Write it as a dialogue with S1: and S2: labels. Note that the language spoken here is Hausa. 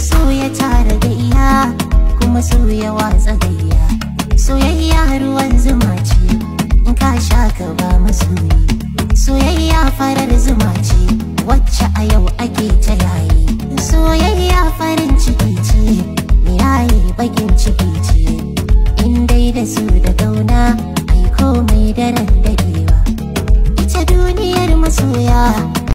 S1: Soya ya da iya, kuma soya ya watsa gayya soyayya ruwan zuma ce in ka sha ka ba masoyi soyayya farar zuma ce wacce a yau ake ta yayi soyayya farin ciki ce yayi bakin ciki ce in dai da su da gauna ai komai daren dadewa
S2: ita duniyar masoya